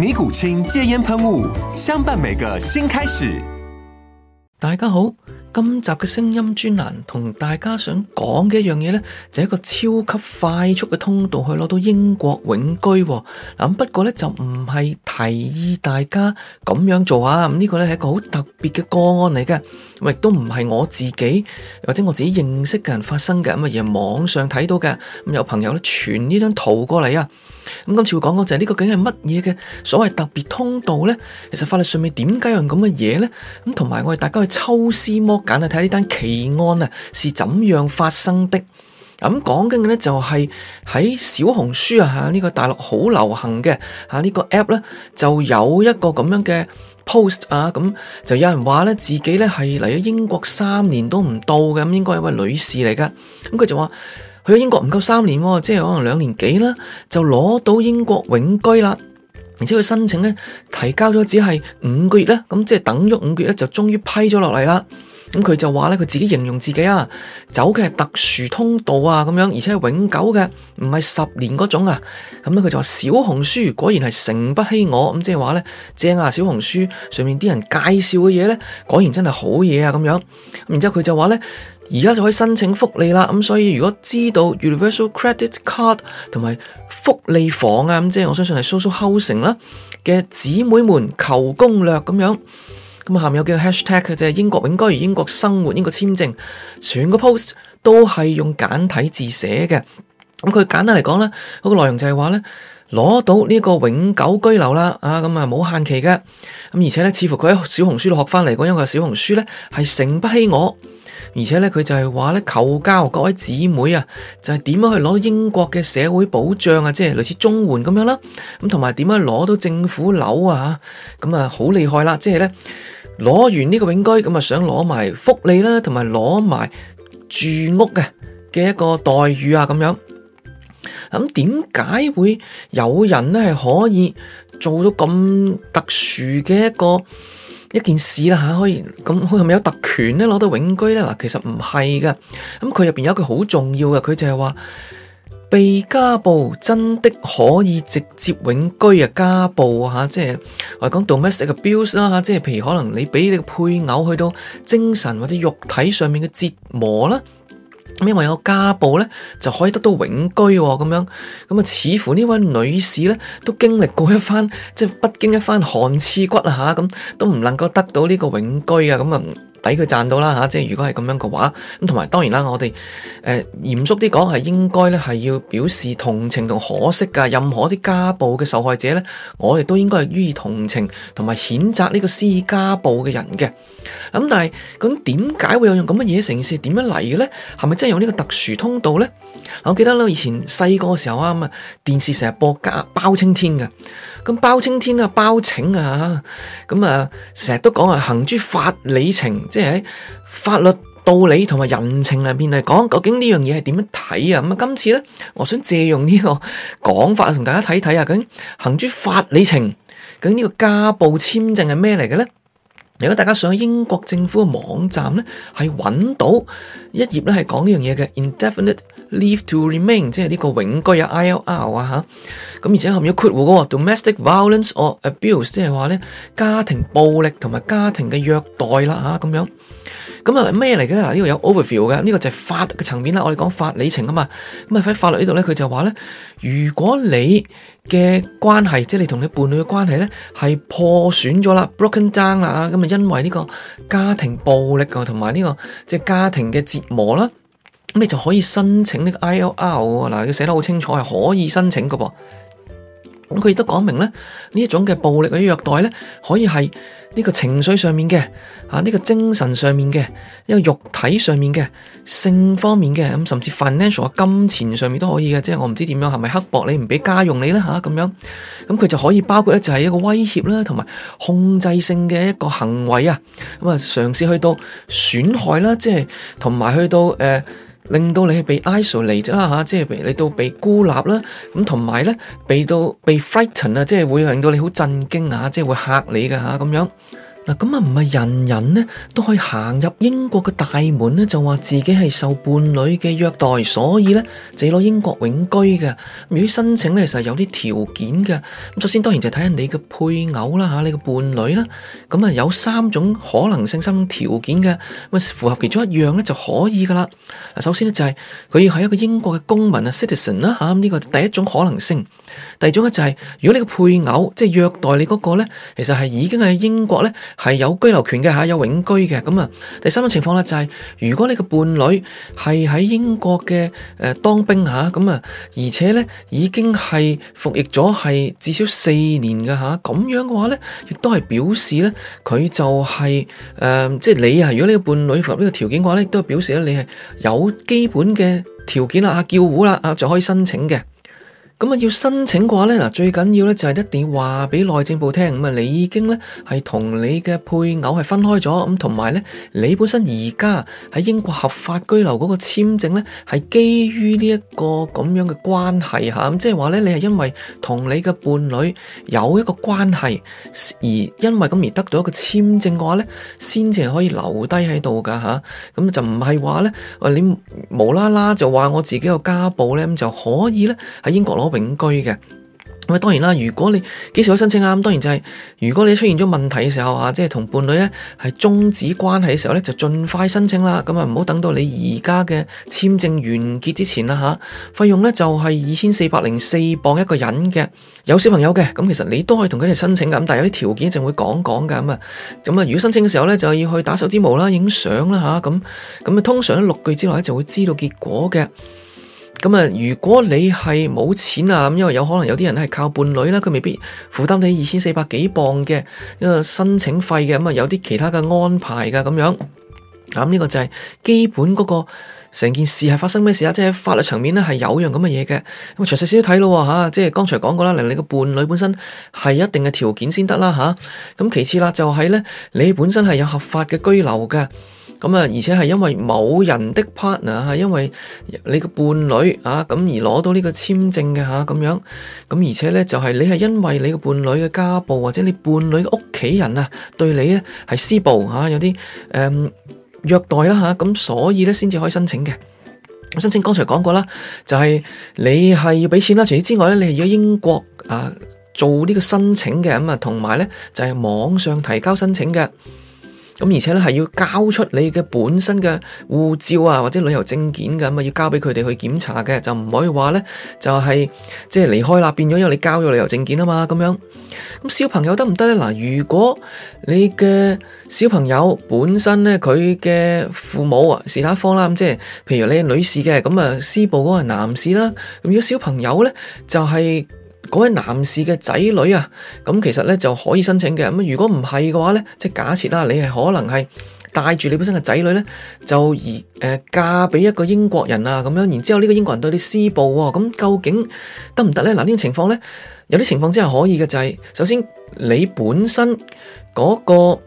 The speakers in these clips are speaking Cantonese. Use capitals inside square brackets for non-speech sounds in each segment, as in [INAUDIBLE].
尼古清戒煙噴霧，相伴每個新開始。大家好。今集嘅聲音專欄同大家想講嘅一樣嘢，呢就係一個超級快速嘅通道去攞到英國永居哦。嗱，不過呢，就唔係提議大家咁樣做啊。呢個呢，係一個好特別嘅個案嚟嘅，亦都唔係我自己或者我自己認識嘅人發生嘅，咁啊而係網上睇到嘅。咁有朋友呢，傳呢張圖過嚟啊。咁今次會講講就係呢個究竟係乜嘢嘅所謂特別通道呢？其實法律上面點解有咁嘅嘢呢？咁同埋我哋大家去抽絲剝。簡單睇呢單奇案啊，是怎樣發生的？咁講緊嘅咧就係喺小紅書啊，吓、這、呢個大陸好流行嘅吓呢個 app 咧，就有一個咁樣嘅 post 啊，咁、嗯、就有人話咧自己咧係嚟咗英國三年都唔到嘅，咁、嗯、應該係一位女士嚟噶。咁、嗯、佢就話去咗英國唔夠三年，哦，即係可能兩年幾啦，就攞到英國永居啦。而且佢申請咧提交咗只係五個月啦，咁、嗯、即係等咗五個月咧就終於批咗落嚟啦。咁佢就話呢，佢自己形容自己啊，走嘅係特殊通道啊，咁樣，而且係永久嘅，唔係十年嗰種啊。咁呢，佢就話小紅書果然係誠不欺我，咁即係話呢，正啊，小紅書上面啲人介紹嘅嘢呢，果然真係好嘢啊，咁樣。咁然之後佢就話呢，而家就可以申請福利啦。咁所以如果知道 Universal Credit Card 同埋福利房啊，咁即係我相信係 social housing 啦嘅姊妹們求攻略咁樣。咁下面有幾個 hashtag 就係，英國永居、英國生活、英國簽證，全個 post 都係用簡體字寫嘅。咁佢簡單嚟講咧，嗰個內容就係話咧。攞到呢個永久居留啦，啊咁啊冇限期嘅，咁而且咧，似乎佢喺小紅書度學翻嚟，因為小紅書咧，係誠不欺我，而且咧佢就係話咧求教各位姊妹啊，就係、是、點樣去攞到英國嘅社會保障啊，即係類似綜援咁樣啦、啊，咁同埋點樣攞到政府樓啊，咁啊好、啊、厲害啦，即係咧攞完呢個永居咁啊，想攞埋福利啦，同埋攞埋住屋嘅嘅一個待遇啊，咁樣。咁點解會有人咧係可以做到咁特殊嘅一個一件事啦，吓、啊？可以佢係咪有特權咧攞到永居咧？嗱，其實唔係噶。咁佢入邊有一句好重要嘅，佢就係話被家暴真的可以直接永居啊？家暴吓、啊，即係我哋講 domestic abuse 啦、啊、吓，即係譬如可能你俾你配偶去到精神或者肉體上面嘅折磨啦。啊因為有家暴咧，就可以得到永居喎、哦，咁樣咁啊，似乎呢位女士咧都經歷過一番，即係不經一番寒刺骨啊嚇，咁都唔能夠得到呢個永居啊，咁啊。抵佢賺到啦嚇！即係如果係咁樣嘅話，咁同埋當然啦，我哋誒嚴肅啲講係應該咧，係要表示同情同可惜㗎。任何啲家暴嘅受害者咧，我哋都應該係予以同情同埋譴責呢個施家暴嘅人嘅。咁但係咁點解會有用咁嘅嘢成事？點樣嚟嘅咧？係咪真係有呢個特殊通道咧？我記得咧，以前細個嘅時候啊，咁啊電視成日播家包青天嘅，咁包青天啊包拯啊，咁啊成日都講啊行諸法理情，法律道理同埋人情入面嚟講，究竟呢樣嘢係點樣睇啊？咁今次咧，我想借用呢個講法同大家睇睇啊，究竟行諸法理情，究竟呢個家暴簽證係咩嚟嘅咧？如果大家上英國政府嘅網站咧，係揾到一頁咧係講呢樣嘢嘅，indefinite leave to remain，即係呢個永居啊，ILR 啊嚇，咁、啊、而且後面有括弧嗰個 domestic violence or abuse，即係話咧家庭暴力同埋家庭嘅虐待啦吓，咁、啊、樣。咁啊咩嚟嘅？嗱呢個有 overview 嘅，呢個就係法嘅層面啦。我哋講法理情啊嘛。咁啊喺法律呢度咧，佢就話咧，如果你嘅關係，即係你同你伴侶嘅關係咧，係破損咗啦，broken down 啦咁啊，因為呢個家庭暴力啊同埋呢個即係家庭嘅折磨啦，咁你就可以申請呢個 ILR 嗱，佢寫得好清楚係可以申請嘅噃。咁佢亦都講明咧，呢一種嘅暴力嘅虐待咧，可以係呢個情緒上面嘅，啊、呢、呢個精神上面嘅，一、呢個肉體上面嘅，性方面嘅，咁甚至 financial 啊金錢上面都可以嘅，即係我唔知點樣係咪刻薄你唔俾家用你咧嚇咁樣，咁佢就可以包括咧就係一個威脅啦，同埋控制性嘅一個行為啊，咁啊嘗試去到損害啦，即係同埋去到誒。呃令到你被 isolate 啦、啊、嚇，即係被你到被孤立啦，咁同埋咧被到被 frighten 啊，即係會令到你好震驚啊，即係會嚇你嘅嚇咁樣。嗱咁啊，唔係人人咧都可以行入英國嘅大門咧，就話自己係受伴侶嘅虐待，所以咧就要攞英國永居嘅。如果申請咧，其實係有啲條件嘅。咁首先當然就睇下你嘅配偶啦，嚇你嘅伴侶啦。咁啊，有三種可能性，三種條件嘅。咁符合其中一樣咧就可以噶啦。嗱，首先咧就係佢要係一個英國嘅公民 Citizen，啊，citizen 啦，嚇、這、呢個第一種可能性。第二種咧就係、是、如果你嘅配偶即係虐待你嗰個咧，其實係已經喺英國咧。係有居留權嘅吓，有永居嘅咁啊。第三種情況咧、就是，就係如果你個伴侶係喺英國嘅誒當兵吓咁啊，而且咧已經係服役咗係至少四年嘅吓咁樣嘅話咧，亦都係表示咧佢就係、是、誒、呃，即係你啊。如果你個伴侶符合呢個條件嘅話咧，亦都係表示咧你係有基本嘅條件啦啊，叫戶啦啊，就可以申請嘅。咁啊，要申請嘅話咧，嗱，最緊要咧就係一定要話俾內政部聽，咁啊你已經咧係同你嘅配偶係分開咗，咁同埋咧你本身而家喺英國合法居留嗰個簽證咧係基於呢一個咁樣嘅關係吓，咁即係話咧你係因為同你嘅伴侶有一個關係，而因為咁而得到一個簽證嘅話咧，先至係可以留低喺度噶吓，咁就唔係話咧，喂，你無啦啦就話我自己有家暴咧咁就可以咧喺英國攞。永居嘅，咁啊當然啦，如果你幾時可以申請啊？當然就係、是、如果你出現咗問題嘅時候啊，即係同伴侶咧係終止關係嘅時候咧，就盡快申請啦。咁啊，唔好等到你而家嘅簽證完結之前啦吓，費、啊、用咧就係二千四百零四鎊一個人嘅，有小朋友嘅，咁其實你都可以同佢哋申請噶，咁但係有啲條件一陣會講講噶，咁啊，咁啊，如果申請嘅時候咧就要去打手指模啦、影相啦吓，咁咁啊，通常六個月之內咧就會知道結果嘅。咁啊，如果你係冇錢啊，咁因為有可能有啲人係靠伴侶啦，佢未必負擔得起二千四百幾磅嘅一個申請費嘅，咁啊有啲其他嘅安排㗎咁樣。咁呢、嗯這個就係基本嗰、那個成件事係發生咩事啊？即係法律層面咧係有樣咁嘅嘢嘅。咁詳細少少睇咯吓、啊，即係剛才講過啦。你個伴侶本身係一定嘅條件先得啦吓。咁、啊、其次啦，就係咧你本身係有合法嘅居留嘅。咁啊，而且係因為某人的 partner，係因為你個伴侶啊咁而攞到呢個簽證嘅吓咁樣。咁、啊、而且咧就係、是、你係因為你個伴侶嘅家暴或者你伴侶嘅屋企人啊對你咧係施暴吓、啊，有啲誒。嗯虐待啦嚇，咁所以咧先至可以申請嘅。申請剛才講過啦，就係你係要畀錢啦，除此之外咧，你係要喺英國啊做呢個申請嘅咁啊，同埋咧就係網上提交申請嘅。咁而且咧，係要交出你嘅本身嘅護照啊，或者旅遊證件嘅咁啊，要交俾佢哋去檢查嘅，就唔可以話咧，就係即係離開啦，變咗因為你交咗旅遊證件啊嘛，咁樣，咁小朋友得唔得咧？嗱，如果你嘅小朋友本身咧，佢嘅父母啊是哪科啦？咁即係譬如你係女士嘅，咁啊施暴嗰個係男士啦，咁如果小朋友咧就係、是。嗰位男士嘅仔女啊，咁其實咧就可以申請嘅。咁如果唔係嘅話咧，即係假設啦，你係可能係帶住你本身嘅仔女咧，就而誒嫁俾一個英國人啊咁樣，然之後呢個英國人對你施暴喎，咁究竟得唔得咧？嗱呢種情況咧，有啲情況真係可以嘅就係，首先你本身嗰個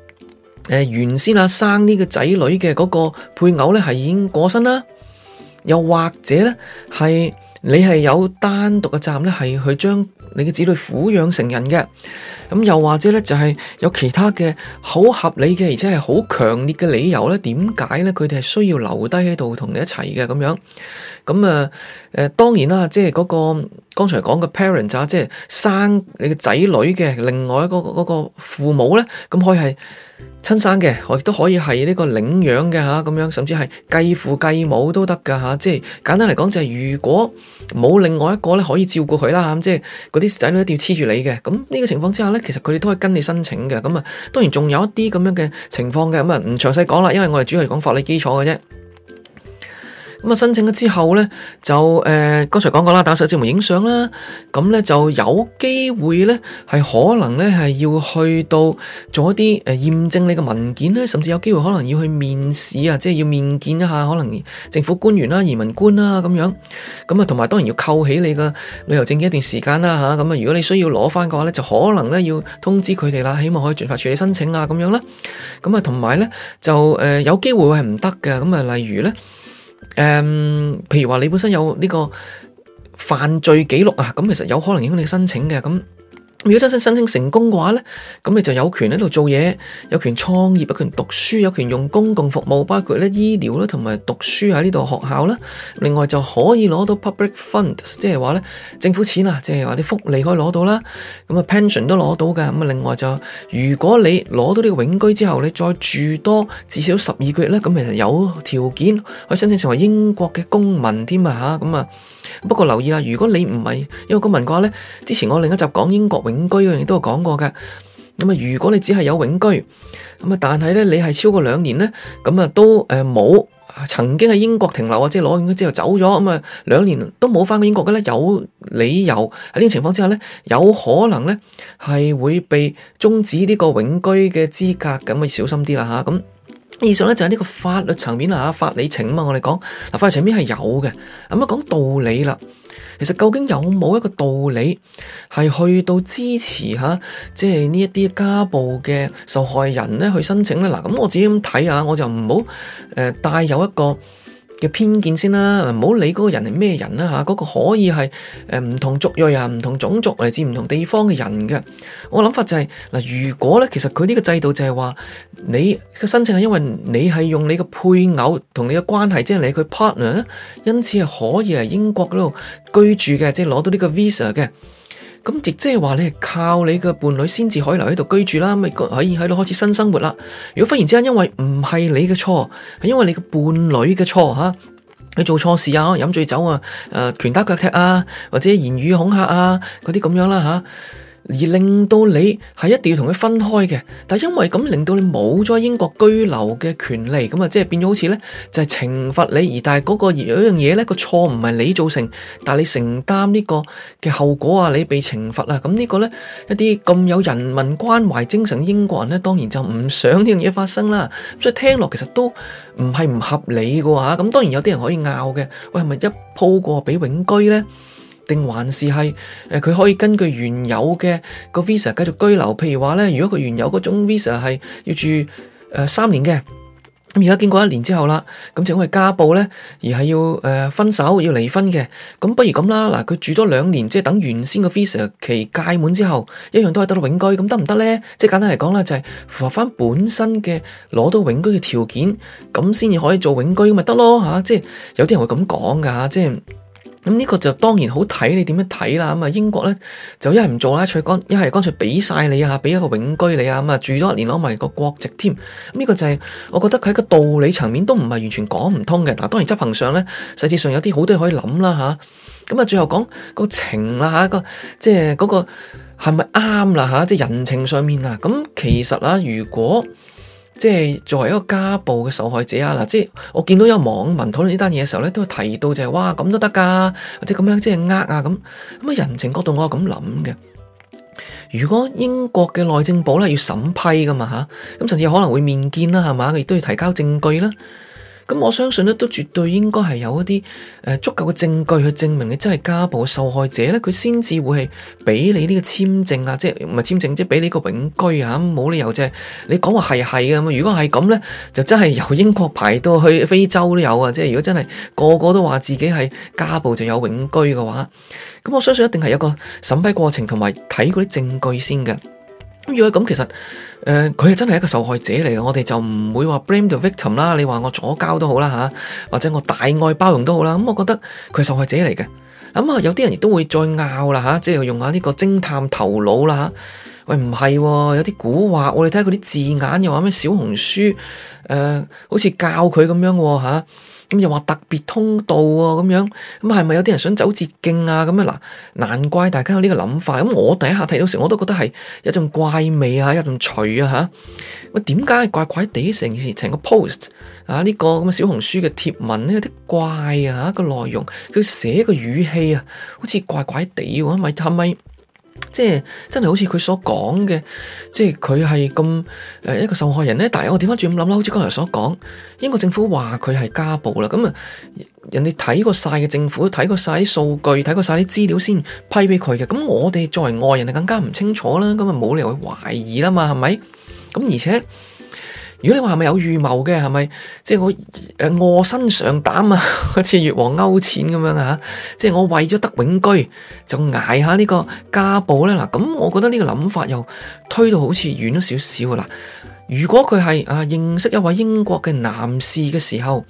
誒原先啊生呢個仔女嘅嗰個配偶咧係已經過身啦，又或者咧係。你係有單獨嘅責任，係去將你嘅子女撫養成人嘅。咁又或者咧，就係有其他嘅好合理嘅，而且係好強烈嘅理由咧，點解咧佢哋係需要留低喺度同你一齊嘅咁樣？咁啊誒，當然啦，即係嗰個剛才講嘅 parents 啊，即係生你嘅仔女嘅另外一個嗰個父母咧，咁可以係。親生嘅，我亦都可以係呢個領養嘅吓，咁樣甚至係繼父繼母都得噶吓，即係簡單嚟講就係如果冇另外一個咧可以照顧佢啦，咁即係嗰啲仔女一定要黐住你嘅，咁、這、呢個情況之下咧，其實佢哋都可以跟你申請嘅，咁啊當然仲有一啲咁樣嘅情況嘅，咁啊唔詳細講啦，因為我哋主要係講法理基礎嘅啫。咁啊，申請咗之後咧，就誒剛、呃、才講過啦，打手指模、影相啦，咁咧就有機會咧，係可能咧係要去到做一啲誒驗證你嘅文件咧，甚至有機會可能要去面試啊，即係要面見一下可能政府官員啦、移民官啦咁樣。咁啊，同埋當然要扣起你嘅旅遊證件一段時間啦嚇。咁啊，如果你需要攞翻嘅話咧，就可能咧要通知佢哋啦，希望可以盡快處理申請啊咁樣啦。咁啊，同埋咧就誒、呃、有機會係唔得嘅。咁啊，例如咧。誒，um, 譬如話你本身有呢個犯罪記錄啊，咁其實有可能影響你申請嘅咁。如果真係申請成功嘅話呢，咁你就有權喺度做嘢，有權創業，有權讀書，有權用公共服務，包括咧醫療啦同埋讀書喺呢度學校啦。另外就可以攞到 public funds，即係話咧政府錢啦，即係話啲福利可以攞到啦。咁啊，pension 都攞到嘅。咁啊，另外就如果你攞到呢個永居之後，你再住多至少十二個月呢，咁其實有條件可以申請成為英國嘅公民添啊嚇。咁啊，不過留意啦，如果你唔係英國公民嘅話呢，之前我另一集講英國永永居嗰樣嘢都有講過嘅，咁啊如果你只係有永居，咁啊但係咧你係超過兩年咧，咁啊都誒冇曾經喺英國停留或者攞完之後走咗，咁啊兩年都冇翻過英國嘅咧，有理由喺呢種情況之下咧，有可能咧係會被終止呢個永居嘅資格，咁啊小心啲啦吓，咁、啊、以上咧就係呢個法律層面啊，法理情啊嘛我哋講，嗱法律層面係有嘅，咁啊講道理啦。其實究竟有冇一個道理係去到支持吓，即係呢一啲家暴嘅受害人咧去申請咧？嗱，咁我自己咁睇下，我就唔好誒帶有一個嘅偏見先啦，唔好理嗰個人係咩人啦嚇，嗰、那個可以係誒唔同族裔啊、唔同種族嚟自唔同地方嘅人嘅。我諗法就係、是、嗱，如果咧其實佢呢個制度就係話，你嘅申請係因為你係用你嘅配偶同你嘅關係即係、就是、你佢 partner，因此係可以喺英國嗰度居住嘅，即係攞到呢個 visa 嘅。咁亦即係話咧，你係靠你嘅伴侶先至可以留喺度居住啦，咪可以喺度開始新生活啦。如果忽然之間因為唔係你嘅錯，係因為你嘅伴侶嘅錯吓，你做錯事啊，飲醉酒啊，誒、呃，拳打腳踢啊，或者言語恐嚇啊，嗰啲咁樣啦、啊、吓。啊而令到你係一定要同佢分開嘅，但係因為咁令到你冇咗英國居留嘅權利，咁啊即係變咗好似咧就係懲罰你，而但係嗰、嗰個有樣嘢咧個錯唔係你造成，但係你承擔呢個嘅後果啊，你被懲罰啊，咁呢個咧一啲咁有人文關懷精神英國人咧，當然就唔想呢樣嘢發生啦。所以聽落其實都唔係唔合理嘅喎，咁當然有啲人可以拗嘅，喂係咪一鋪過俾永居咧？定還是係誒佢可以根據原有嘅個 visa 繼續居留，譬如話咧，如果佢原有嗰種 visa 係要住誒三、呃、年嘅，咁而家經過一年之後啦，咁就因為家暴咧而係要誒、呃、分手要離婚嘅，咁不如咁啦，嗱佢住咗兩年，即係等原先個 visa 期屆滿之後，一樣都係得到永居，咁得唔得咧？即係簡單嚟講咧，就係、是、符合翻本身嘅攞到永居嘅條件，咁先至可以做永居咁咪得咯嚇、啊，即係有啲人會咁講噶嚇，即係。咁呢個就當然好睇，你點樣睇啦？咁啊英國咧就一係唔做啦，一係乾一係乾脆俾晒你啊，俾一個永居你啊，咁啊住多一年攞埋個國籍添。呢、這個就係、是、我覺得佢喺個道理層面都唔係完全講唔通嘅。嗱，當然執行上咧，細節上有啲好多嘢可以諗啦吓，咁、嗯、啊，最後講、那個情啦吓，個即係嗰個係咪啱啦吓，即係、那個啊、人情上面啊，咁、嗯、其實啊，如果。即係作為一個家暴嘅受害者啊，嗱，即係我見到有網民討論呢單嘢嘅時候咧，都提到就係，哇咁都得噶，或者咁樣即係呃啊咁咁啊人情角度我係咁諗嘅。如果英國嘅內政部咧要審批噶嘛吓，咁甚至可能會面見啦，係嘛，亦都要提交證據啦。咁我相信咧，都絕對應該係有一啲足夠嘅證據去證明你真係家暴嘅受害者咧，佢先至會係俾你呢個簽證啊，即係唔係簽證，即係俾你個永居啊。冇理由啫。你講話係係㗎，如果係咁咧，就真係由英國排到去非洲都有啊。即係如果真係個個都話自己係家暴就有永居嘅話，咁我相信一定係有一個審批過程同埋睇嗰啲證據先嘅。咁如果咁，其實誒，佢、呃、係真係一個受害者嚟嘅。我哋就唔會話 blame the victim 啦。你話我左膠都好啦吓，啊，或者我大愛包容都好啦。咁、嗯、我覺得佢係受害者嚟嘅。咁、嗯、啊，有啲人亦都會再拗啦吓，即係用下呢個偵探頭腦啦吓。喂，唔係，哦，有啲古惑，我哋睇下佢啲字眼，又話咩小紅書誒、呃，好似教佢咁樣吓，哦。啊咁又話特別通道喎、啊、咁樣，咁係咪有啲人想走捷徑啊？咁啊嗱，難怪大家有呢個諗法。咁我第一下睇到時，我都覺得係有陣怪味啊，有陣除啊吓，喂、啊，點解怪怪地成件事成個 post 啊？呢個咁嘅小紅書嘅貼文咧，有啲怪啊嚇，個內容佢寫個語氣啊，好似怪怪地喎，咪係咪？即係真係好似佢所講嘅，即係佢係咁誒一個受害人咧。但係我點翻轉諗啦，好似剛才所講，英國政府話佢係家暴啦，咁啊人哋睇過晒嘅政府，睇過晒啲數據，睇過晒啲資料先批俾佢嘅。咁我哋作為外人，就更加唔清楚啦。咁啊冇理由去懷疑啦嘛，係咪？咁而且。如果你話係咪有預謀嘅，係咪即係我誒餓、呃、薪嘗膽啊，好 [LAUGHS] 似越王勾踐咁樣啊，即係我為咗得永居就挨下呢個家暴咧嗱，咁我覺得呢個諗法又推到好似遠咗少少啊嗱，如果佢係啊認識一位英國嘅男士嘅時候，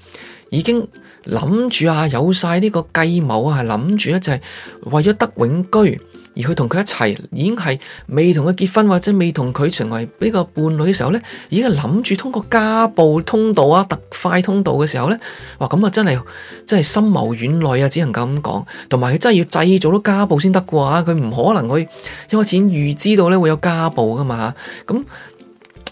已經諗住啊有晒呢個計謀啊，係諗住咧就係、是、為咗得永居。而佢同佢一齊，已經係未同佢結婚或者未同佢成為呢個伴侶嘅時候咧，已經係諗住通過家暴通道啊、特快通道嘅時候咧，哇！咁啊，真係真係深謀遠慮啊，只能夠咁講。同埋，佢真係要製造到家暴先得啩？佢唔可能去一開始預知到咧會有家暴噶嘛？咁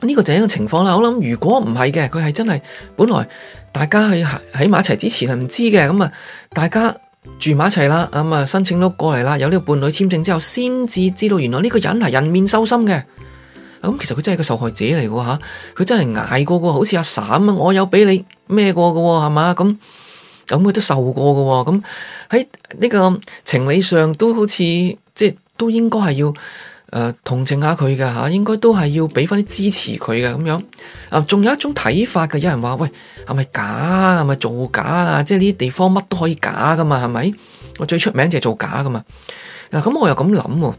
呢個就係一個情況啦。我諗如果唔係嘅，佢係真係本來大家去喺喺埋一齊之前係唔知嘅，咁啊大家。住埋一齊啦，咁啊申請咗過嚟啦，有呢個伴侶簽證之後，先至知道原來呢個人係人面獸心嘅。咁其實佢真係個受害者嚟嘅吓，佢、啊、真係挨過嘅，好似阿傘啊，我有俾你咩過嘅係嘛？咁咁佢都受過嘅，咁喺呢個情理上都好似即係都應該係要。同情下佢嘅嚇，應該都係要畀翻啲支持佢嘅咁樣。仲有一種睇法嘅，有人話：喂，係咪假啊？係咪造假啊？即係呢啲地方乜都可以假噶嘛？係咪？我最出名就係造假噶嘛。嗱、啊，咁我又咁諗，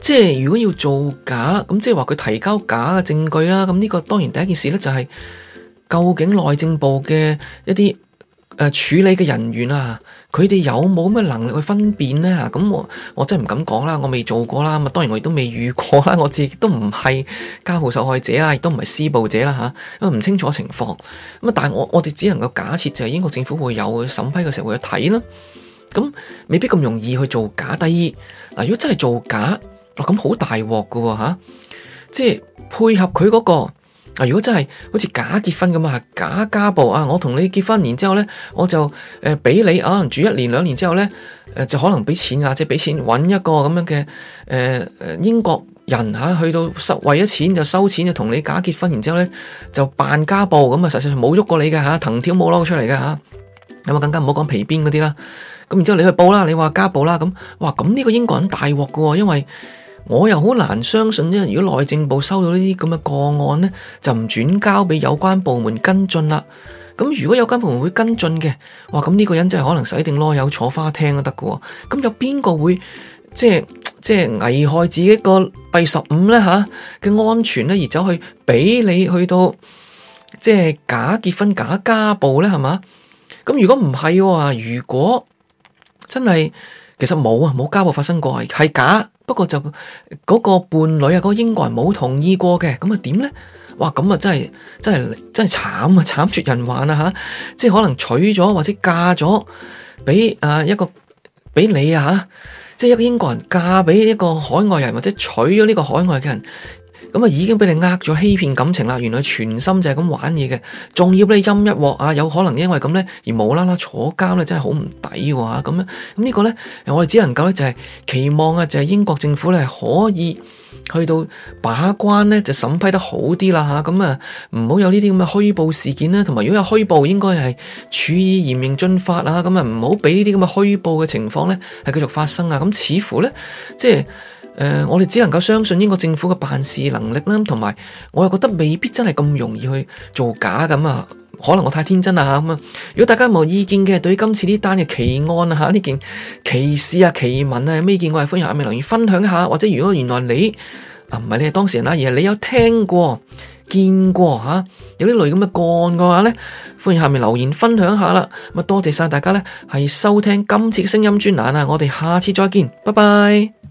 即係如果要造假，咁即係話佢提交假嘅證據啦。咁呢個當然第一件事咧就係，究竟內政部嘅一啲。誒，處理嘅人員啊，佢哋有冇咩能力去分辨呢？吓，咁我我真係唔敢講啦，我未做過啦，咁當然我亦都未遇過啦，我自己都唔係家暴受害者啦，亦都唔係施暴者啦，吓，因為唔清楚情況。咁但係我我哋只能夠假設就係英國政府會有審批嘅時候會去睇啦。咁未必咁容易去做假。第二嗱，如果真係做假，哦咁好大鑊噶吓，即係配合佢嗰個。啊！如果真係好似假結婚咁啊，假家暴啊，我同你結婚，然之後呢，我就誒俾你可能住一年兩年之後呢，誒就可能俾錢啊，即係俾錢揾一個咁樣嘅誒、呃、英國人嚇，去到收為咗錢就收錢就同你假結婚，然之後呢，就扮家暴咁啊，實際上冇喐過你嘅嚇，藤條冇攞出嚟嘅嚇，咁啊更加唔好講皮鞭嗰啲啦。咁然之後你去報啦，你話家暴啦，咁哇咁呢、呢個英國人大鑊嘅喎，因為。我又好難相信，即係如果內政部收到呢啲咁嘅個案呢，就唔轉交俾有關部門跟進啦。咁如果有關部門會跟進嘅，哇，咁呢個人真係可能使定囉柚坐花廳都得嘅。咁有邊個會即係即係危害自己個第十五呢？吓、啊、嘅安全呢？而走去俾你去到即係假結婚、假家暴呢？係嘛？咁如果唔係喎，如果真係。其實冇啊，冇家暴發生過係假，不過就嗰個伴侶啊，嗰、嗰個英國人冇同意過嘅，咁啊點呢？哇，咁啊真係真係真係慘啊，慘絕人寰啊吓、啊！即係可能娶咗或者嫁咗俾啊一個俾你啊吓，即係一個英國人嫁俾一個海外人，或者娶咗呢個海外嘅人。咁啊，已經畀你呃咗欺騙感情啦！原來全心就係咁玩嘢嘅，仲要畀你陰一鑊啊！有可能因為咁咧而無啦啦坐監咧，真係好唔抵㗎嚇！咁咧，咁呢個咧，我哋只能夠咧就係期望啊，就係英國政府咧係可以去到把關咧，就審批得好啲啦嚇！咁啊，唔好有呢啲咁嘅虛報事件啦，同埋如果有虛報，應該係處以嚴刑峻法啊！咁啊，唔好俾呢啲咁嘅虛報嘅情況咧係繼續發生啊！咁似乎咧，即係。呃、我哋只能夠相信英國政府嘅辦事能力啦，同埋我又覺得未必真係咁容易去做假咁啊！可能我太天真啦吓咁啊！如果大家冇意見嘅，對於今次呢單嘅奇案吓，呢件奇事啊奇聞啊，未、啊、見過，歡迎下面留言分享下。或者如果原來你啊唔係你係當事人啦，而係你有聽過見過吓、啊，有呢類咁嘅個案嘅話咧，歡迎下面留言分享下啦。咁啊，多謝晒大家咧，係收聽今次嘅聲音專欄啊！我哋下次再見，拜拜。